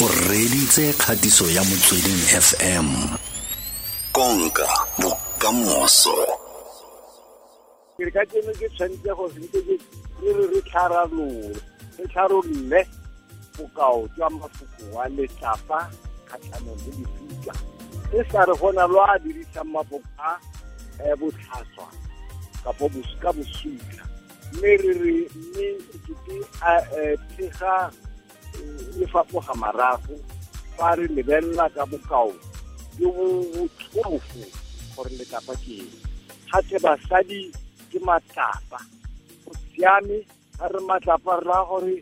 o reditse kgatiso ya motsweding fm konka bokamoso ke ka keno ke tshwanetse go sente re re tlharalole re tlharolle bokao jwa mafoko wa letlapa kgatlhanong le lefuka e sa re gona lo a dirisang mafoko a eh, botlhaswa kapo ka bosutla mme re re mme ke a thega eh, e fapoga marago fa re lebelela ka bokao jo bo botlhofo gore lekapa ke gate basadi ke matlapa go siame ga re matlapa re raya gore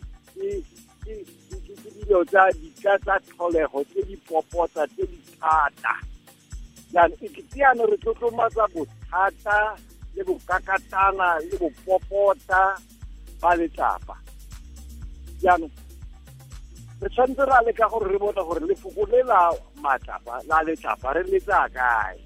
ke dilo tsa ditla tsa tlholego tse di popota tse di thata jaanong e re tlotlomatsa bothata le bokakatana le bopopota ba letlapa jaanong re tshwanetse ra leka gore re bone gore lefoko le la matlapa la letlapa re letsa kae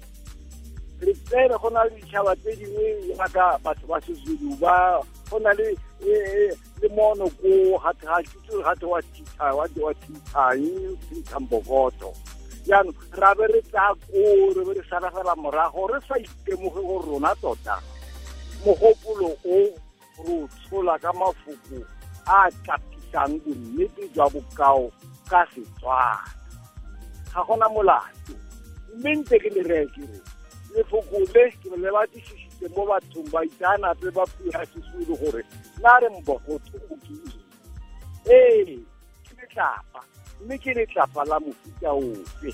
re tsene go na le ditšhaba tse dingwe jaaka batho ba sezulu ba go na le e, e, le mono ko gate wa tithang e, bokoto jaanong ra be re tsaya koo re be re sala morago re sa itemoge gore rona tota mogopolo o ro tshola ka mafoko a tlapa bontshang bonnete jwa bokao ka Setswana ga gona molato mme ntse ke le reye kere lefokole lefoko le ke le batlisisitse mo bathong ba itseanape ba puo ya sesulu gore na re mbogotho o ke ee ke letlapa mme ke letlapa la mofuta ofe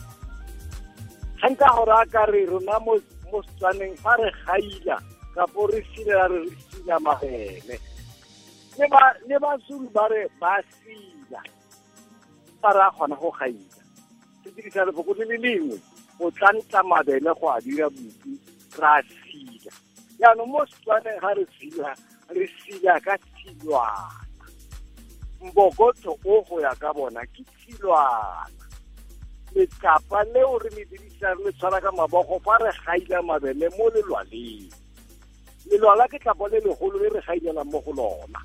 ga nka gore a re rona mo setswaneng fa re gaila kapo re silela re re sila mabele le bazulu ba re ba sila fa re a kgona go gaila ke dirisa lefoko le le lengwe o tlantla mabele go a dira re a sila jaanong mo setswaneng ga re sila re sila ka tshilwana mbokotso o go ya ka bona ke tshilwana letsapa leo re le dirisang le tshwara ka mabogo fa re gaila mabele mo lelwaleng lelwala ke tlapa le legolo le re gailelang mo go lona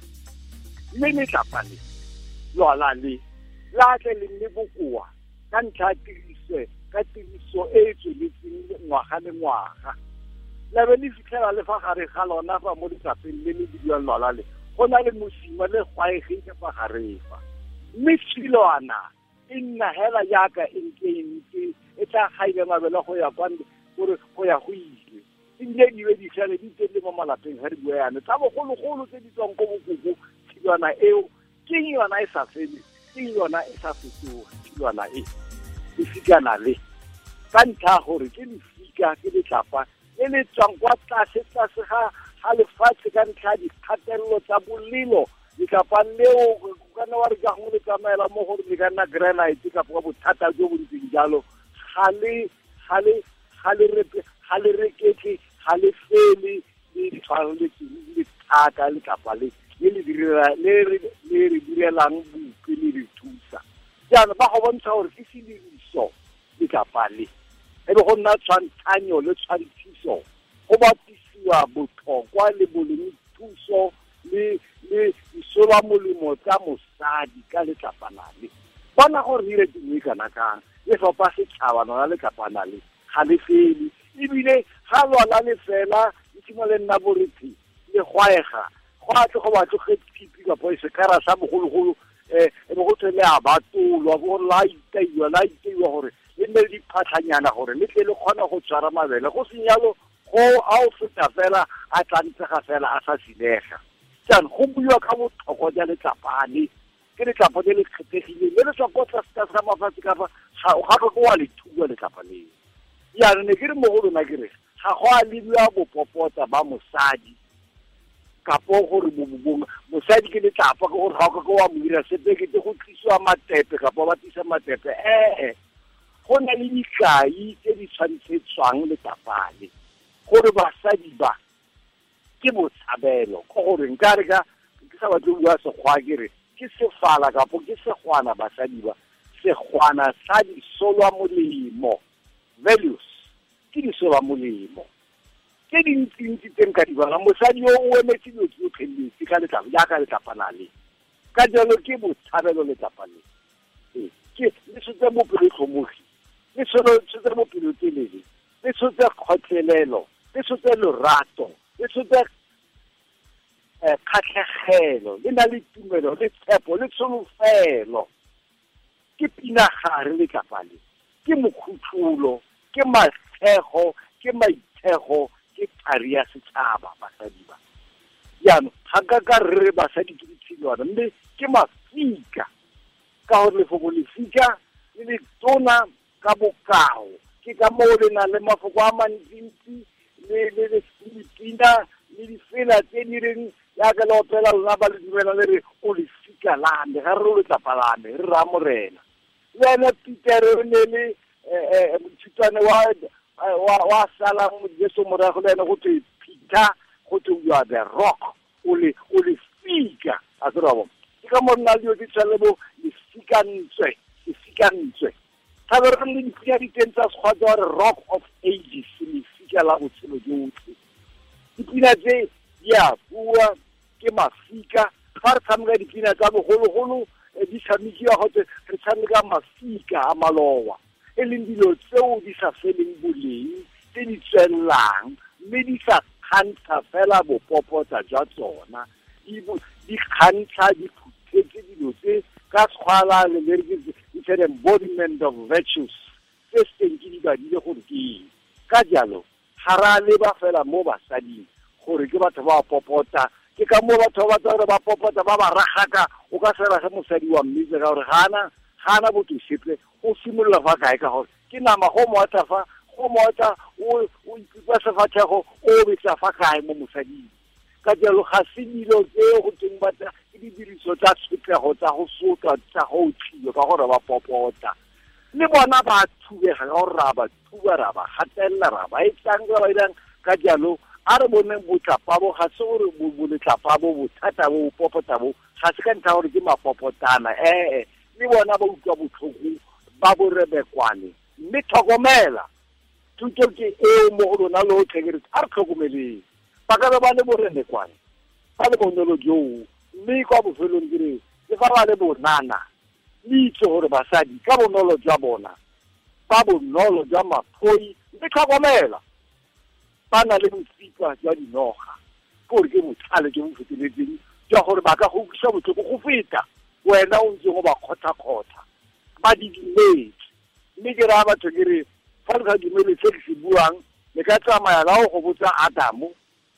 mme letlapa le lwala le la tle le nne bokoa ka ntlha ya tirise ka tiriso e e tsweletseng ngwaga le ngwaga labe le fitlhela le fa gare ga lona fa mo letsapeng le le bidiwang lwala le go na le mosima le gwaegile fa gare fa mme tshilwana e nna hela jaaka e nke e ntse e tla gaile mabele go ya kwa gore go ya go ile ebile dibe ditlhale di tsele mo malapeng ga re bua yane tsa bogologolo tse di tswang ko bokoko yona eo keng yona e sa fele ke yona e sa feteo yona e e fikana le ka ntlha gore ke lefika ke letlapa le e le tswang kwa tlase tlase ga ga lefatshe ka ntlha dikgatelelo tsa bolelo letlapa leo o ka nna wa re ka go le tsamaela mo gore le ka nna granite kapa ka bothata jo bo jalo ga le ga le ga le repe ga le rekete ga le fele le tshwaro le thaka letlapa le le le re direlang bupi le re thusa jaanong ba go bontsha gore ke sediriso le kapa le e be go nna tshwantshanyo le tshwantshiso go bapisiwa botlhokwa le bolemi thuso le le isola molemo tsa mosadi ka letlapa la le bona gore dire dingwe kana kang le fapa setšhaba lona letlapa le ga le fele ebile ga lona le fela le le nna borethe le gwaega go a tle go batlo getipi kapo e sekara sa bogologolo um go tswe le a batolwa gore la itaiwa la itaiwa gore le nne le diphatlhanyana gore le tle le kgona go tshwara mabele go senyalo go a o feta fela a tlantsega fela a sa silega jaanong go buiwa ka botlhokwa ja letlapane ke letlapa le le kgethegileng le le tswa ko tlase sa mafatshe ka fa ga tlo wa le thuba letlapa leo jaanong ne ke re mo go lona ke re ga go a lebiwa bopopotsa ba mosadi kapo gore mosadi ke letlapa ke gore ga o ka ke wa mo dira sepe ke te go tlisiwa matepe kapo ba tlisa matepe ee go na le dikai tse di tshwantshetswang letlapale gore basadi ba ke botshabelo ko gore nka re ka ke sa batle bua sekgwa ke re ke sefala kapo ke segwana basadi ba segwana sa disolwa molemo values ke disolwa molemo Δεν είναι σημαντικό να μιλάμε μ να μιλάμε για να μιλάμε για να μιλάμε για να μιλάμε για να μιλάμε για να μιλάμε για να μιλάμε για ke tari ya setšhaba basadi ba jaanong ga ka ka re re basadi ke ditshilwana mme ke mafika ka gore lefoko lefika le le tona ka bokao ke ka moo le na le mafoko a mantsintsi le dipina le difela tse di reng jaaka le opela lona ba le dumela le re o lefika lame ga re o le lame re morena le ene petere o ne le um eh, eh, thutwane wa Eh, wa sala Yesu morago le ene go thwe Peter go thwe you are the rock o le o le fika a tsere wa bona ke ka mo nna le yo di tsale bo le fikantswe le ntswe ga re re le dipina di teng tsa sekgwatsa gore rock of ages le fika la botshelo jotlhe dipina tse di a bua ke mafika fa re tshameka dipina tsa bogologolo eh, di tshamekiwa gotse re tshameka mafika a malowa. e leng dilo tseo di sa feleng boleng tse di tswelelang mme di sa kgantsha fela bopopotsa jwa tsona di kgantsha di phuthetse dilo tse ka sekgwala lemereke it's an embodiment of virtues tse seng ke di badile gore ke eng ka jalo ga ra leba fela mo basading gore ke batho ba popota ke ka mo batho ba batsa gore ba popota ba ba ragaka o ka sera ge mosadi wa mmitse ka gore gana ga na botho o simolola fa kae ka gore ke nama go moata fa go moata o ikutlwa sefatlhego o betla fa kae mo mosading ka jalo ga se dilo tseo go teng batla ke didiriso tsa tshotlego tsa go sotla tsa go tlhio ka gore ba popota le bona ba thubega ka gore ra ba thuba ra ba gatelela ra ba etlang ba irang ka jalo a re bone botlapa bo ga se gore boletlapa bo bothata bo bopopota bo ga se ka ntlha gore ke mapopotana ee le bona ba utlwa botlhoko ba borebekwane mme tlhokomela thuto ke eo mo go lona le o tlhekeretse a re tlhokomeleng ba ka be ba le borebekwane ba le bonolo joo mme kwa bofelong kere ke fa ba le bonana le itse gore basadi ka bonolo jwa bona ba bonolo jwa maphoi mme tlhokomela ba na le botsipa jwa dinoga gore ke botlhale jo bo feteletseng jwa gore ba ka go utlwisa botlhoko go feta wena o ntse go ba khotla khotla ba di dumetse mme ke raya batho ke re fa le sa dumele se ke se buang le ka tsamaya la go go botsa Adam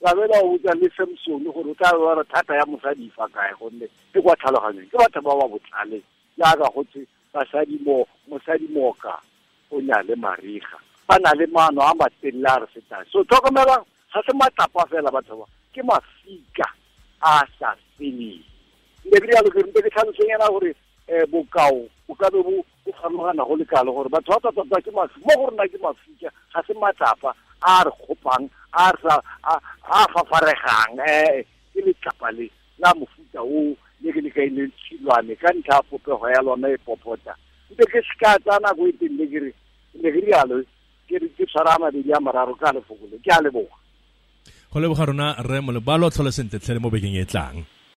ga be la botsa le Samson gore o tla be wa re thata ya mosadi fa kae gonne ke kwa tlhaloganyo, ke batho ba ba botlhale jaaka gotse basadi mo mosadi moka o nya le mariga ba na le mano a ba a re setang so tlhokomelang ga se matlapa fela batho ba ke mafika a sa feleng le jalo ke mpe ke tlhalosong yana gore um bokao o ka kabe bo farologana go le lekalo gore batho ba tota tsa ke mafi mo gore na ke mafika ga se matlapa a re gopang a a a fafaregang um ke letlapa le la mofuta o le ke ka lekaileng tshilwane ka ntlha ya ho ya lona e popota ke ke seka tsa nako e le kere ne ke rialo ke tshwara a mabedi a mararo ka le le ke a le boga go le boga rona re mo le ba lo tlhole sentle tlhele mo bekeng e tlang